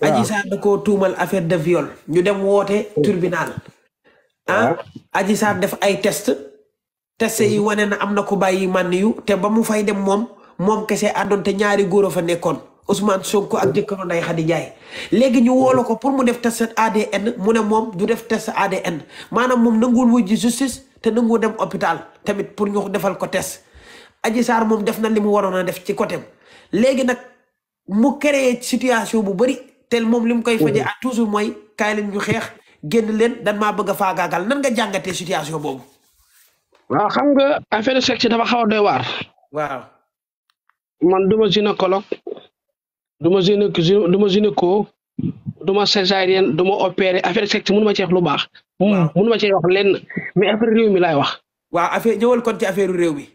Adji Sarr da koo tuumal affaire de viol ñu dem woote oh. tribunal ah Adji ah. Sarr def ay test test yi mm-hmm. wane na am na ko bàyyi mànn yu te ba mu fay dem moom moom kese àndoon te ñaari góor a fa nekkoon Ousmane Sonko ak jëkkëru Ndeye Khady Ndiaye léegi ñu woolu ko pour mu def test ADN mu ne moom du def test ADN maanaam moom nanguwul wujji justice te nanguwul dem hôpital tamit pour ñu defal ko test Adji Sarr moom def na li mu waroon a def ci côté léegi nag mu créé situation bu bëri tel moom li mu koy faje ah toujours mooy kaay leen ñu xeex génn leen dan maa bëgg a faagaagal nan nga jàngatee situation boobu. waaw xam nga affaire sexe dafa xaw a doy waar. waaw. man du ma gynécologue du ma gyné du ma gynéco du ma césarienne du ma opéré affaire sexe mënu ma ci wax lu baax. waaw mënu ma ce wax lenn mais affaire réew mi laay wax. waaw affaire ñëwal kon ci affaire réew mi.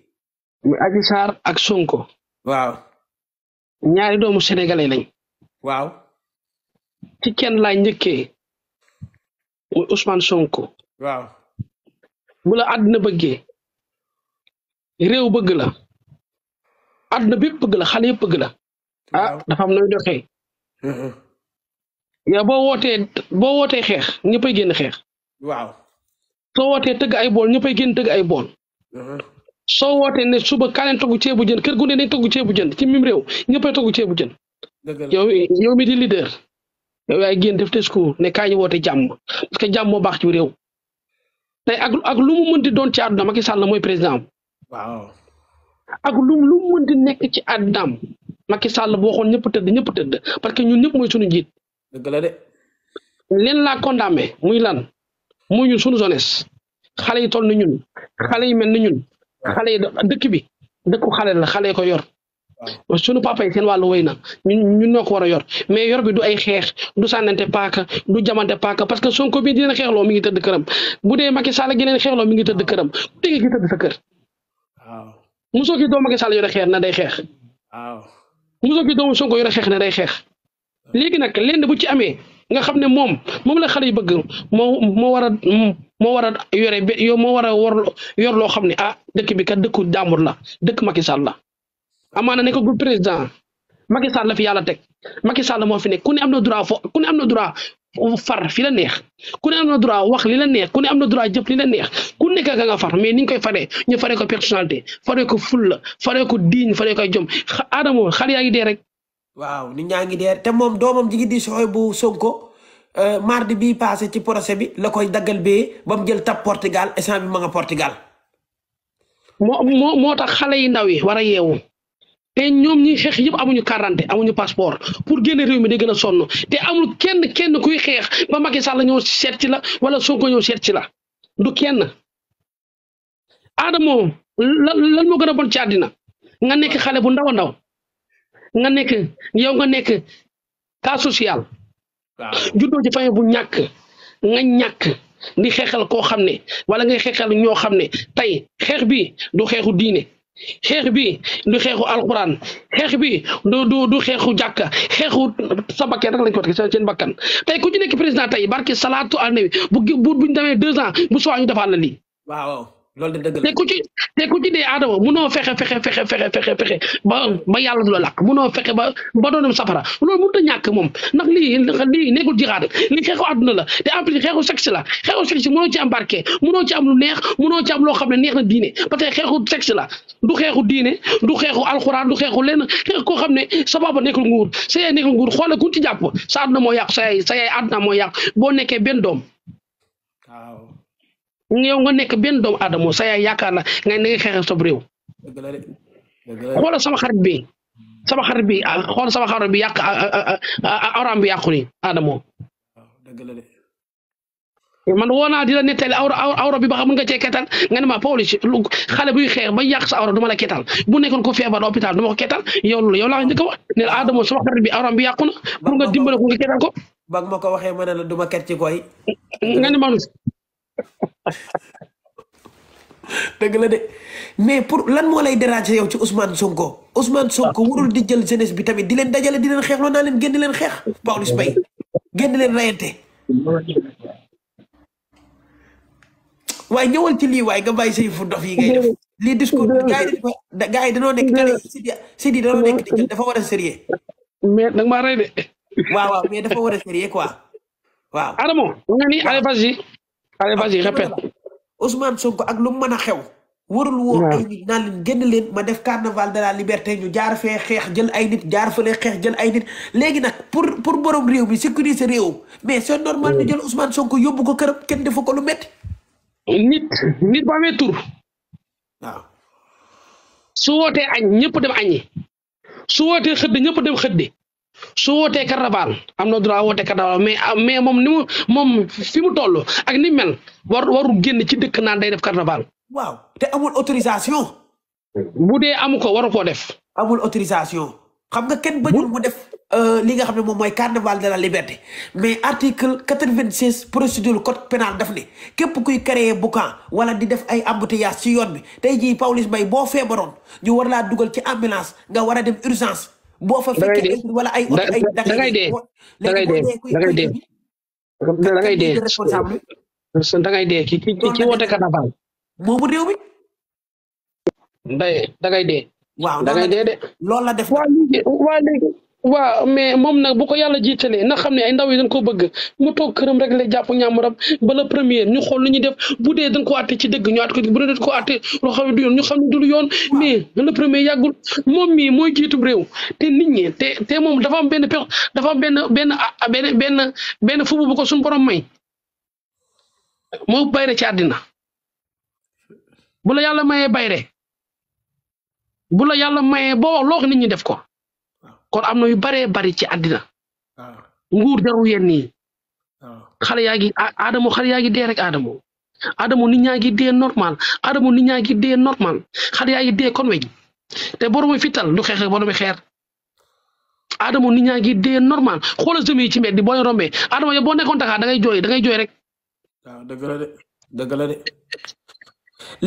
muy Sarr ak Sonko. waaw. ñaari doomu sénégalais lañ. waaw. ci kenn laay njëkke muy Ousmane Sonko. waaw bu la àddina bëggee réew bëgg la àddina bépp bëgg la xale yëpp bëgg la ah dafa am nooy doxee. yow boo wootee boo wootee xeex ñëppay génn xeex. waaw soo wootee tëgg ay bool ñëppay génn tëgg ay bool. soo wootee ne suba kaa leen togg ceebu jën kër gu ne nañ togg ceebu jën ci mim réew ñëppay togg ceebu jën. yow yow mi di leader. yow yaay génn def discours ne kaay ñu woote jàmm parce que jàmm moo baax ci réew tey ak ak lu mu mënti doon ci àdduna Macky Sall la mooy président am. waaw ak lu lu mu mënti boo xoon ñëpp tëdd ñëpp tëdd parce que ñun ñëpp mooy sunu njiit. dëgg la laa condamné muy lan mu ñun suñu jeunesse xale yi toll ni ñun xale yi mel ni ñun xale yi dëkk bi dëkku xale la xale ko yor suñu papa yi seen wàllu woy na ñun ñun ko war a yor mais yor bi du ay xeex du sànnante paaka du jamante paaka parce que Sonko bii di leen xeexloo mi ngi tëdd këram bu dee Macky Sall gi leen ngi tëdd këram ku tege gi tëdd sa kër. waaw mosoo xeex na day xeex. waaw mosoo gi doomu Sonko yore xeex na day xeex. léegi nag lenn bu ci amee nga xam ne moom moom la xale yi bëgg moo moo war a moo war a yore moo war a war yor loo xam ne ah dëkk bi kat dëkku jàmbur la dëkk Macky Sall la. amaana ne ko groupe président Macky Sall la fi yàlla teg Macky Sall moo fi nekk ku ne am na droit fo ku ne am na droit far fi la neex ku ne am na droit wax li neex ku ne am na droit jëf li la neex ku nekk ka nga far mais ni ñu koy faree ñu faree ko personnalité faree ko fulla faree ko diiñ faree ko jom Adamo xale yaa ngi dee rek. waaw nit ñaa ngi dee te moom doomam ji ngi di soxoy bu Sonko euh, mardi bi passé ci procès bi la koy daggal bee ba jël tab Portugal instant bi ma Portugal. moo moo tax xale yi ndaw yi war a yeewu. te ñoom ñi xeex yëpp amuñu quarante amuñu passeport pour génne réew mi day gën a sonn te amul kenn kenn kuy xeex ba Macky Sall ñëw seet ci la wala Sonko ñoo seet ci la du kenn Adamo lan moo gën a bon ci àddina nga nekk xale bu ndaw ndaw nga nekk yow nga nekk cas social juddoo ci fayin bu ñàkk nga ñàkk di xeexal koo xam ne wala nga xeexal ñoo xam ne tey xeex bi du xeexu diine xeex bi du xeexu alxuraan xeex bi du du du xeexu jàkka xeexu sa bakkan rek lañ ko teg seen bakkan tey ku ci nekk président tey barki salaatu al nabi bu buñ demee deux ans bu soo ñu defaan la lii waaw loolu de dëgg la te ku ci te ku ci dee aadama munoo fexe fexe fexe fexe fexe ba ba yàlla du la làkk munoo fexe ba ba doonam safara loolu mënut a ñàkk moom ndax lii lii nekkul jixaad li xeexu àdduna la te en xeexu sexe la xeexu sexe munoo ci am barke munoo ci am lu neex munoo ci am loo xam ne neex na diine parce que xeexu sexe la du xeexu diine du xeexu alxuraan du xeexu lenn xeex koo xam ne sa baba nekkul nguur sa yaay nekkul nguur xoole ku ci jàpp sa àdduna moo yàqu sa yaay sa moo yàqu boo nekkee benn doom yow nga nekk benn doomu aadama sa yaay yaakaar na nga ne nga xeexal sa réew xoolal sama xarit bi sama xarit bi ah, xool sama xarit bi yàq awraam ah, ah, bi yàqu ni aadamo man woo naa di la nettali awra awra bi xam nga cee ketal nga ne ma Pawlish xale buy xeex ba yàq sa awra du ma la bu nekkoon ko feebar hôpital du ma ko yow loolu a wax ne xarit bi awraam bi yàqu na pour nga dimbale ko nga ko ba ma ko waxee ma ne la du ma ker ci nga ne ma dëgg la de mais pour lan moo lay déranger yow ci Ousmane Sonko Ousmane Sonko ah. warul di jël jeunesse bi tamit di leen dajale di leen xeex loolu naa leen génn leen xeex Pawlish Mbaye génn leen rayante ñëwal ci lii waaye nga bàyyi say fu lii discours gars yi da dafa war a sérieux mais nag maa waaw waaw mais dafa war a sérieux waaw allez vas-y répète Sonko ak lu mu mën a xew warul woo ay nit naan leen génn leen ma def carnaval de la liberté ñu jaar fee xeex jël ay nit jaar fële xeex jël ay nit léegi nag pour pour borom réew mi sécuriser réew mais c'est normal ñu jël Ousmane Sonko yóbbu ko këram kenn defu ko lu métti nit nit bu amee tur su wootee añ ñëpp dem añi su wootee xëdd ñëpp dem xëddi su wootee carnaval am na droit wootee carnaval mais ah, mais moom ni mu moom fi mu toll ak ni mel war waru génn ci dëkk naan day def carnaval. waaw te amul autorisation. bu dee amu ko waru koo def. amul autorisation. xam nga kenn bañul mu def euh, li nga xam ne moom mooy carnaval de la liberté mais article quatre-vingt-seize procédure code pénal daf ne képp kuy créer boucan wala di def ay embouteillage ci yoon bi tey jii Pawlish bay boo feebaroon ñu war laa dugal ci ambulance nga war a dem boo fa fekkee wala ay ay da ngay dee da ngay dee da ngay dee da ngay dee da ngay dee ki ki ki woote carnaval boobu réew mi da da ngay dee waaw da ngay dee de loolu la def waa léegi waaw mais moom nag bu ko yàlla jiitalee na xam ne ay ndaw yi dañ koo bëgg mu toog këram rek la jàpp ñaamuram ba la première ñu xool lu ñuy def bu dee dañ ko àtte ci dëgg ñu àtte ko bu dee dañ koo àtte loo xam ne du yoon ñu xam ne du lu yoon mais le premier yàggul moom mii mooy jiitub réew te nit ñi te te moom dafa am benn pex dafa am benn benn benn benn benn fubu bu ko suñu borom may moo bayre ci àddina bula yàlla mayee bayre bula yàlla mayee boo wax loo nit ñu def ko kon am na yu baree bari ci àddina ah. nguur jaru yenn yi ah. xale yaa ngi aadamo xale yaa ngi dee rek aadamo aadamo nit ñaa ngi normal ñaa ngi dee normal xale yaa ngi dee kon weñ te boroomi fital du xeex boroomi xeer aadamo ni ñaa ngi dee normal xoolal semi ci mbedd boo leen rombee aadamo yow boo nekkoon Dakar da jooy da jooy rek waaw ah, dëgg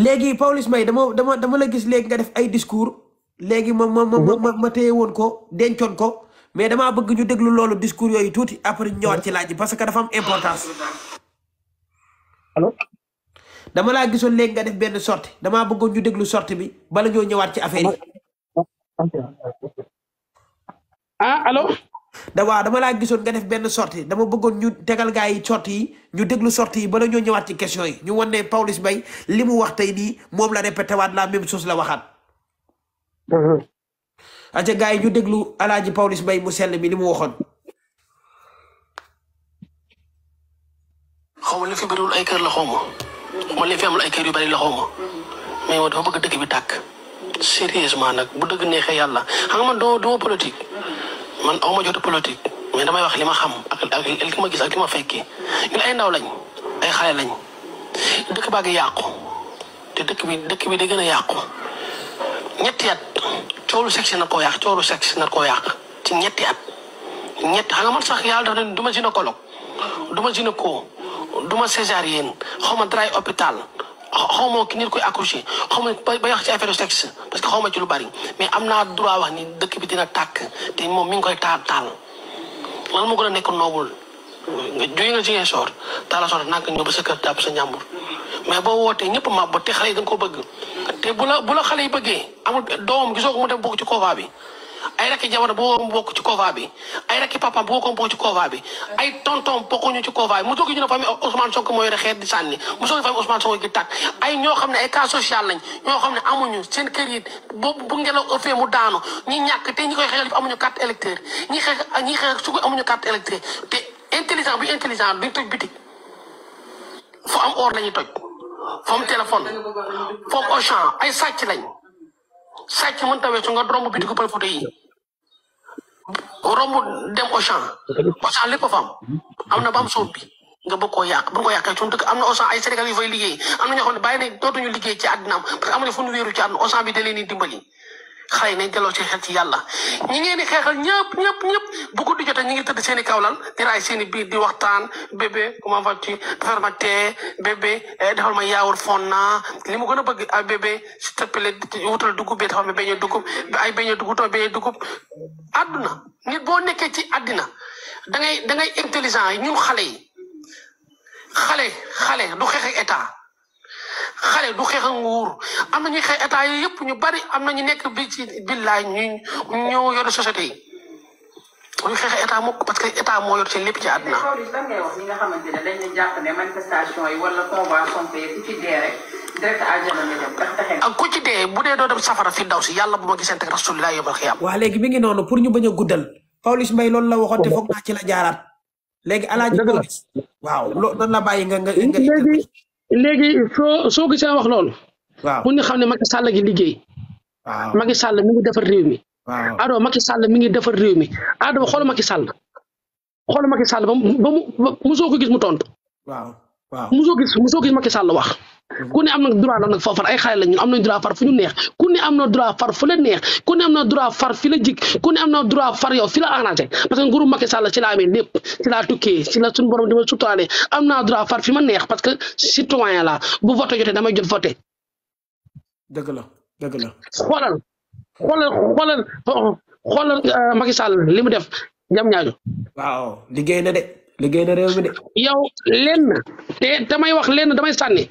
la de dama dama la gis léegi nga def ay discours léegi ma ma ma ma ma téye woon ko dencoon ko mais damaa bëgg ñu déglu loolu discours yooyu tuuti après ñëwaat ci laaj parce que am importance. dama laa gisoon léegi nga def benn sortie damaa bëggoon ñu déglu sortie bi bala ñoo ñëwaat ci affaire yi. ah allo. da waaw dama laa gisoon nga def benn sortie dama bëggoon ñu tegal gaa yi sortie yi ñu déglu sortie yi bala ñoo ñëwaat ci question yi ñu wan ne Pawlish Mbaye li mu wax tey nii moom la répété waat la même chose la waxaat. Uh-huh. aca gaa yi ñu déglu alaaji Pawlish Mbaye mu sell mi li mu waxoon xaw ma li fi bëriwul ay kër la xaw ma ma li fi amul ay kër yu bëri la xaw ma mais yow dafa bëgg dëkk bu dëgg neexee yàlla xam nga man man ma jot politique mais damay wax li ma xam ak ak li ma gis ak li ma fekki ñun ay ndaw lañ ay xale lañ dëkk baa ngi yàqu te dëkk bi dëkk bi da gën a yàqu ñetti at coolu sexe na koo yàq coolu na koo yàq ci ñetti at ñetti xam nga man sax yàlla dafa ne du ma gynécologue duma ma gynéco du ma césarienne xaw ma dray hôpital xaw ma ki nit koy accouché xaw ma bay wax ci affaire sexe parce que xaw ma ci lu bari mais am naa du droit wax ni dëkk bi dina tàkk te moom mi ngi koy taal taal lan moo gën a nekk noobul nga jóge nga jigéen soor taala soor nak ñëw ba sa kër jàpp sa njàmbur mais boo wootee ñëpp màbb te xale yi dañ koo bëgg te bu la bu la xale yi bëggee amul doomam gisoo ko mu dem bokk ci COVA bi ay rakki jabar boo ko bokk ci COVA bi ay rakki papaam boo ko bokk ci COVA bi ay tontom bokkuñu ci COVA mu soog ñu ne famille Ousmane Sonko moo yore xeet di sànni mu soog famille Ousmane Sonko gi tàkk ay ñoo xam ne ay cas social lañ ñoo xam ne amuñu seen kër yi boobu bu ngelaw ëppee mu daanu ñi ñàkk te ñi koy xeexal amuñu carte électeur ñi xeex ñi xeex su ko amuñu carte électeur te intelligent bi intelligent duñ toj bitik fu am or lañuy toj foom téléphone foom Auchan ay sàcc lañ sàcc mën ta weesu nga romb bi di ko pël yi romb dem Auchan Auchan lépp fa am am na ba am bi nga bëgg koo yàq bëgg koo yàqee suñu dëkk na Auchan ay Sénégal yu fay liggéey am na ñoo xam ne bàyyi nañ dootuñu liggéey ci àddinaam parce que am na fu ñu ci àdduna bi da dimbali xale yi nañ delloo ci xel ci yàlla ñi ngeen di te ñi ngi tëdd seeni i kawlal di raay seen biir di waxtaan bébé comment vas ma tee bébé eh, defal li mu gën a bëgg ay ah, bébé s'il te plaît wutal dugub bi defal ma beñe dugub ay beñe dugub wutal beñe dugub àdduna nit boo nekkee ci àddina da ngay da ngay intelligent ñun xale yi xale xale du xeex ak xale du xeex ak nguur am na ñuy xeex état yi yëpp ñu bari am na ñu nekk bi ci billaay ñu ñoo yore société yi bu ñu xeexee état mukk parce que état moo yor ci lépp ci àdduna. lan ngay ne jàpp ne manifestation yi ak ah, ku ci dee bu dee doo dem safara fi daw si yàlla bu ma gisante ak rasulillah yawmal xiyaam. waaw léegi mi ngi noonu pour ñu bañ a guddal Pawlish Mbaye loolu la waxoon te foog naa ci la jaaraat léegi alaaji waaw loo doon la bàyyi nga nga nga. léegi léegi soo soo gisee wax loolu. waaw bu xam ne Macky Sall gi liggéey. waaw Macky Sall mi ngi defar réew waaw Adama Macky Sall mi ngi defar réew mi Adama xool Macky Sall xool Macky Sall ba mu ba mu ko gis mu tontu. waaw waaw mosoo gis mosoo gis Macky Sall wax. Mhm. ku ne am na droit nag fa far ay xale la ñun am na droit far fu ñu neex ku ne am na droit far fu la neex ku ne am na droit far fi la jig ku ne am na droit far yow fi la arrangé parce que nguuru Macky Sall ci la amee lépp ci la tukkee ci la suñu borom di ma suturaale am na droit far fi ma neex parce que citoyen la bu voté jotee damay jot voté. dëgg la dëgg la xoolal xoolal xoolal euh, Macky limu li def jam ñaajo waaw liggéey na de liggéey na réew de. yow lenn te damay wax lenn damay sànni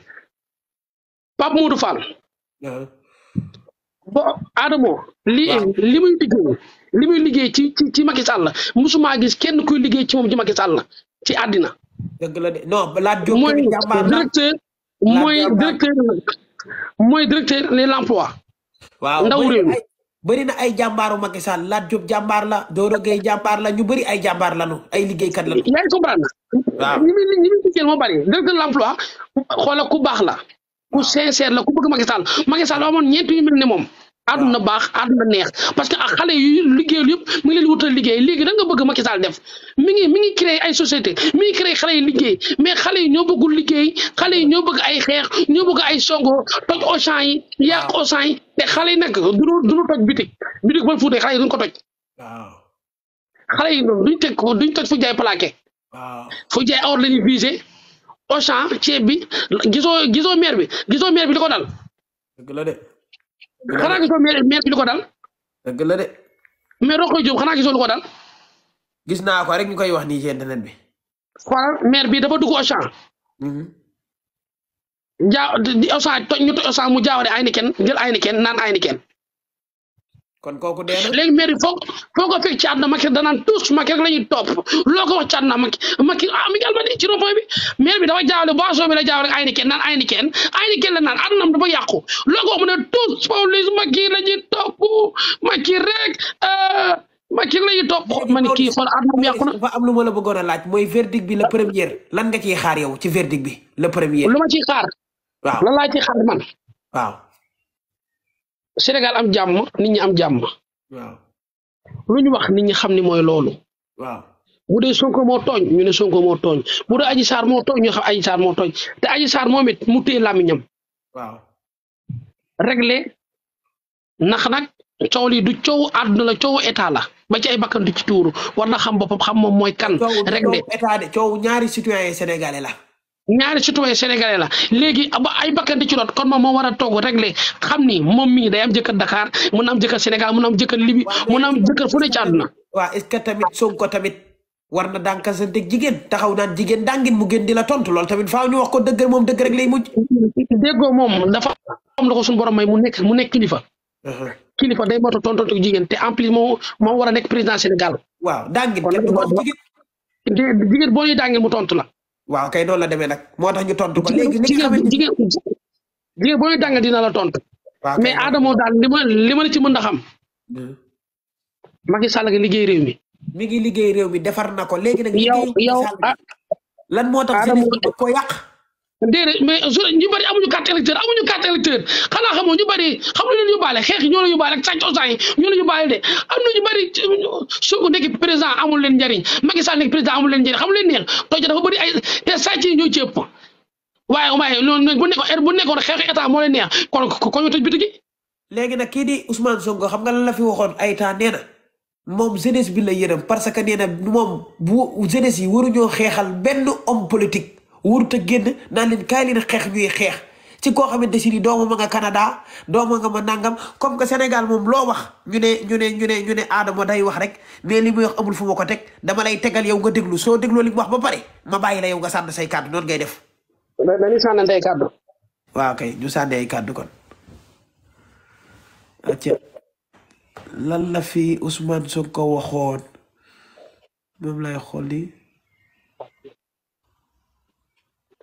Pape Modou Fall. bo Adamo li li muy liggéey li muy liggéey ci ci ci Macky Sall musuma gis kenn kuy liggéey ci moom ci Macky Sall ci àddina. dëgg la de non laaj mooy directeur mooy directeur mooy directeur de l'emploi. waaw ndaw bëri na ay jàmbaaru Macky Sall Lat Diop jàmbaar la Dodo Gueye jàmbaar la ñu bëri ay jàmbaar lanu ay liggéeykat lanu. yaa ngi comprendre waaw ñu ngi ñu ngi gisee moo xoola ku baax la ku sincère la ku bëgg Macky Sall Macky Sall amoon ñeenti ñu mel ne moom. àdduna baax àdduna neex parce que ak xale yu liggéeyul yëpp mi ngi leen wutal liggéey léegi da nga bëgg Macky Sall def mi ngi mi ngi créé ay société mi ngi créé xale yi liggéey mais xale yi ñoo bëggul liggéey xale yi ñoo bëgg ay xeex ñoo bëgg ay songo toj Auchan yi yàq Auchan te xale yi nag duñu duñu toj bitik bitik ba fuutee xale yi duñu ko toj xale yi duñ teg duñ toj fu jaay plaqué fu jaay or lañuy visé Auchan ceeb bi gisoo gisoo maire bi gisoo maire bi li dal xanaa gisoo maire maire bi lu ko dal. dëgg la de. mais Rokhaya Diop xanaa gisoo lu ko dal. gis naa ko rek ñu koy wax nii ci internet bi. xoolal maire bi dafa dugg Auchan. Mhm. jaa Auchan toj sa toj Auchan mu jaawale ay ni kenn jël ay ni kenn naan ay kon kooku dee léegi mairie foo foo ko fekk Thierno Macky danaan tous Macky rek la ñuy topp loo ko wax Thierno Macky Macky ah mi ngi almadi bi maire bi dafa jaawale boisson bi la jaawale ay ni kenn naan ay ni kenn ay ni kenn la naan adunam dafa yàqu loo la ñuy topp Macky rek euh, Macky la ñuy topp ma ni ki xool adunam yàqu na dafa am lu ma la a laaj mooy verdict bi la premier lan nga ci xaar yow ci verdict bi le premier lu ma ciy xaar waaw la laa ciy xaar man waaw Sénégal am jàmm nit ñi am jàmm. waaw lu wax nit ñi xam ni mooy loolu. waaw bu dee Sonko moo tooñ ñu ne Sonko moo tooñ bu dee Adji Sarr moo tooñ ñu xam Adji Sarr moo tooñ te Adji Sarr moom mu téye làmmiñam. waaw réglé nax nag coow lii du coowu àdduna la coowu état la ba ci ay bakkan di ci tuuru war na xam boppam xam moom mooy kan. réglé coowu état de coowu la. ñaari citoyen sénégalais la léegi ba ay bakkan di ci doot kon moom moo war a toog réglé xam ni moom mii day am jëkkër Dakar mun am jëkkër Sénégal mun am jëkkër Libi mun am jëkkër fu ne ci àdduna waaw est-ce que tamit Sonko tamit war na dànkasanteeg jigéen taxaw naan jigéen dàngin mu gën di la tontu loolu tamit faaw ñu wax ko dëgg moom dëgg rek lay mujj déggoo moom dafa am la ko suñu borom may mu nekk mu nekk kilifa uh-huh. kilifa day moota tontontu jigéen te en plus moo moom war a nekk président Sénégal waaw dàngin jigéen boo ñuy dàngin mu tontu la waaw kay noonu la demee nag moo tax ñu tontu ko léegi li jigéen jigéen booy danga dina la tontu. mais Adamo daal li ma li ma la ci mën a xam. Macky Sall gi liggéey réew mi. mi ngi liggéey réew mi defar na ko léegi nag. yow yow ah, lan moo tax ko yàq. déedéet mais ñu bëri amuñu carte électeur amuñu carte électeur xanaa xamoo ñu bëri xam lu leen yóbbaale xeex yi ñoo leen yi ñu bëri Sonko nekk président amul leen njariñ Macky Sall nekk président amul leen njariñ leen neex tooja dafa bëri ay te sàcc yi ñoo ci ëpp waaye waaye loolu bu nekkoon bu nekkoon état moo leen neex kon ko ñu kii di Ousmane Sonko xam nga lan la fi waxoon ay temps nee na moom jeunesse bi la yërëm parce que nee na moom bu jeunesse yi waruñoo xeexal benn homme politique warut a génn naan leen kaay leen xeex ñuy xeex ci koo xamante si ni dooma ma nga Canada dooma nga ma nangam comme que Sénégal moom loo wax ñu ne ñu ne ñu ne ñu Adama day wax rek mais li muy wax amul fu ma ko teg dama lay tegal yow nga déglu soo dégloo li wax ba pare ma bàyyi la yow nga sànn say kàddu noonu ngay def. nañu sànnante ay kàddu. waaw kay ñu sànni ay kàddu kon. acca lan la fi Ousmane moom lay xool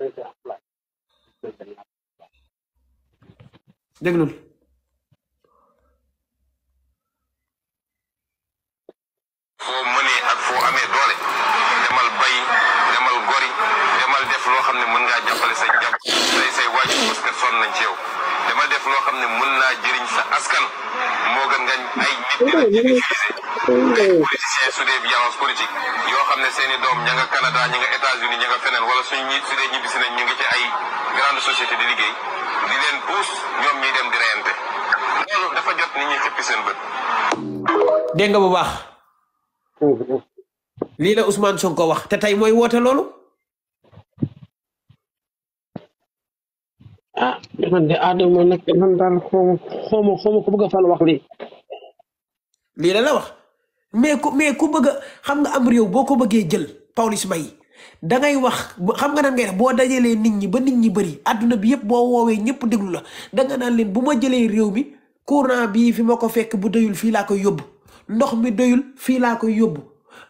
déglul foo mënee ak foo amee doole demal bay demal gori demal def loo xam ne mën ngaa jàppale sa jàpp say say waajur parce que nañ ci yow demal def loo xam ne mën naa jëriñ sa askan moo gën nga ay nit di la utiliser su dee violence politique yoo xam ne seen doom ña nga Canada ña nga États-Unis ña nga feneen wala suñ su dee ñibbisi nañ ñu ngi ci ay grande société di liggéey di leen pousse ñoom ñuy dem di reyante dafa jot nit ñi xëppi bët. dégg nga bu baax. Mm-hmm. lii la soog ko wax te tey mooy woote loolu. ah man de Adama nag man daal xaw ma ko bëgg a wax lii. lii la la wax. mais ku mais ku bëgg a xam nga am réew boo ko bëggee jël polis Mbaye da ngay wax xam nga nan ngay def boo dajalee nit ñi ba nit ñi bëri àdduna bi yëpp boo woowee ñëpp déglu la da naan leen bu ma jëlee réew mi courant bii fi ma ko fekk bu doyul fii laa koy yóbbu ndox mi doyul fii laa koy yóbbu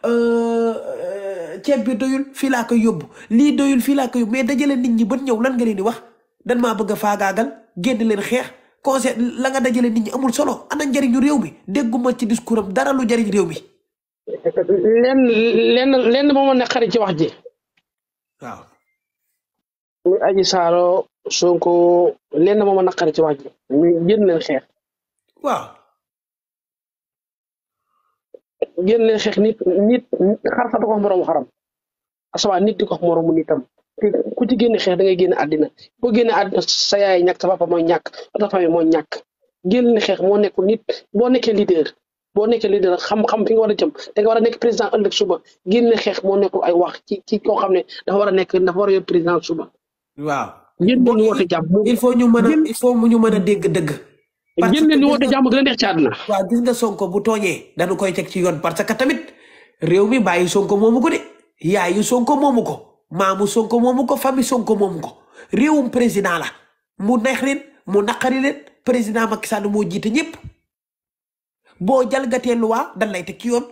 euh, euh, ceeb bi doyul fii laa koy yóbbu lii doyul fii laa koy yóbbu mais dajale nit ñi ba ñëw lan nga leen di wax dan maa bëgg a faagaagal génn leen xeex. conseil la nga dajale nit ñi amul solo ana njariñu réew mi dégguma ci discours am dara lu jariñ réew mi. lenn lenn lenn moom ci wax ji. waaw. muy aji ci wax ji leen xeex. waaw. génn leen xeex nit nit xar fa da ko wax moromu xaram asawaa nit di ko wax nitam. ku ci génn xeex da ngay génn àddina boo génne àddina sa yaay ñàkk sa papa mooy ñàkk sa famille mooy ñàkk xeex moo nekkul nit boo nekkee leader boo nekkee leader xam-xam fi nga war a jëm war a nekk président ëllëg suba génn xeex moo nekkul ay wax ci ci koo xam ne dafa war a nekk dafa war a yor président suba. waaw génn ñu woote jàmm. il faut ñu mën a il ñu mën a dégg dëgg. parce que génn ñu woote jàmm gën a neex ci àddina. waaw gis nga Sonko bu tooñee dañu koy teg ci yoon parce que tamit réew mi bàyyi Sonko moomu ko de yaayu Sonko moomu ko maamu Sonko moomu ko famille Sonko moomu ko réewum président la mu neex leen mu naqari leen président Macky Sall moo jiite ñëpp boo jalgatee loi dan lay te ci yoon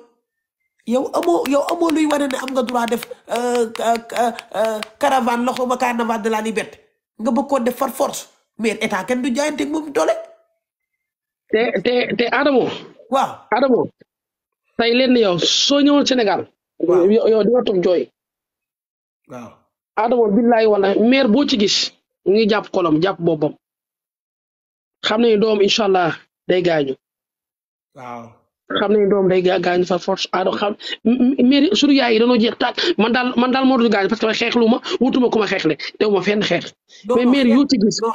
yow amoo yow amoo luy wane ne am nga droit def euh, euh, euh, caravane loxo ma carnaval de la liberté nga bëggoon def far force mais état kenn du jaayante moom doole. te te Adamo. waaw Adamo. tey leen yow soo ñëwoon Sénégal. yo yow di nga jooy. waaw Adama billaay wala maire boo ci gis mu ngi jàpp kolom jàpp boppam xam nañu doom incha allah day gaañu xam nañ doom day gaañu fa force ado xam mairie suñu yaay yi dañoo jeex tàkk man daal man daal moo dul gaañu parce que xeexlu ma wutuma ku ma xeex le dew ma fenn xeex mais mairie yoo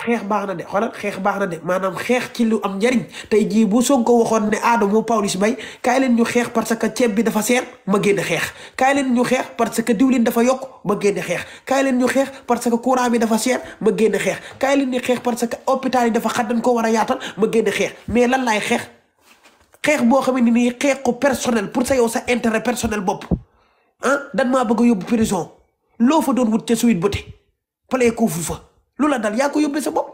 xeex baax na de xoolal xeex baax na de maanaam xeex ci lu am njariñ tey jii bu Sonko waxoon ne aado moo Pawlish Mbaye kaay ñu xeex parce que ceeb bi dafa seer ma génn xeex kaay ñu xeex parce que diwlin dafa yokk ma génn xeex kaay leen ñu xeex parce que courant bi dafa seer ma génn xeex kaay leen xeex parce que hôpital yi dafa xat dañ ko war a yaatal ma a xeex mais lan laay xeex xeex boo xam ne nii xeex ko personnel pour sa yow sa intérêt personnel bopp ah dan maa bëgg a yóbbu prison loo fa doon wut ca suite ba te palee ko fu fa loola daal yaa ko yóbbee sa bopp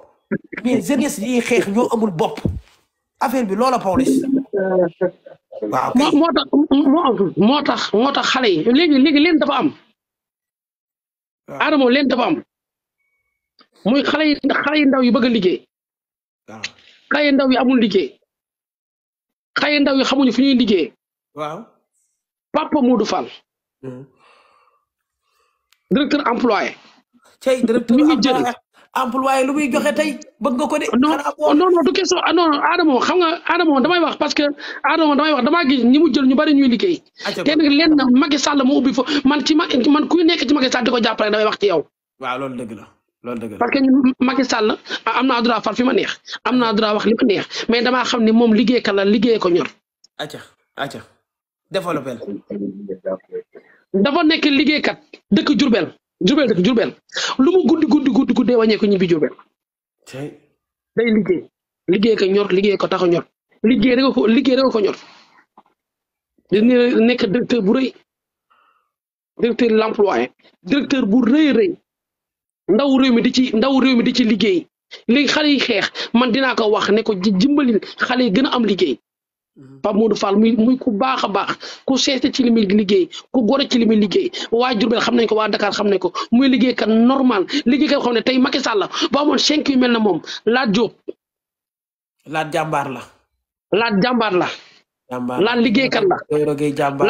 mais jeunesse yi xeex ñoo amul bopp affaire bi loola Pawlish moo tax moo tax moo tax xale yi léegi léegi leen dafa am Adamo leen dafa am muy xale yi xale yi ndaw yi bëgg a liggéey xale yi ndaw yi amul liggéey xëy ndaw yi xamuñu fu ñuy liggéey. waaw Papa Modou Fall. Hmm. directeur employé. tey directeur employé mi ngi jël employé lu muy joxe tey bëgg nga ko de. non non non du question ah, non Adama xam nga Adama damay wax parce que Adama damay wax dama gis ñi mu jël ñu bari ñuy liggéey. Ah, te nag lenn Macky Sall mu ubbi fa man ci man kuy nekk ci Macky Sall di ko jàppale damay wax ci yow. waaw loolu la. loolu dëgg parce que Macky Sall ah, am naa droit far fi ma neex am naa droit wax li neex mais damaa xam ne moom liggéey kan la liggéey ko ñor. acca acca développé la. dafa nekk liggéeykat dëkk Diourbel Diourbel dëkk Diourbel lu gudd gudd guddi guddi guddee wàññeeku ñibbi Diourbel. day liggéey liggéey ko ñor liggéey ko tax a ñor liggéey rek liggéey ko ñor nekk directeur bu rëy directeur l'emploi directeur bu rëy. ndaw réew mi di ci ndaw réew mi di ci liggéey léegi xale yi xeex man dinaa ko wax ne ko jimbalil xale yi gën a am liggéey mhm. Pape fal Fall muy muy ku baax a baax ku seete ci li muy liggéey ku gore ci li muy liggéey waa Diourbel xam nañ ko waa Dakar xam nañ ko muy liggéey kan normal liggéey kan xam ne tey Macky Sall ba amoon cinq yu mel na moom laat Diop. laat jàmbaar la. la. jàmbaar la laat liggéey kan la.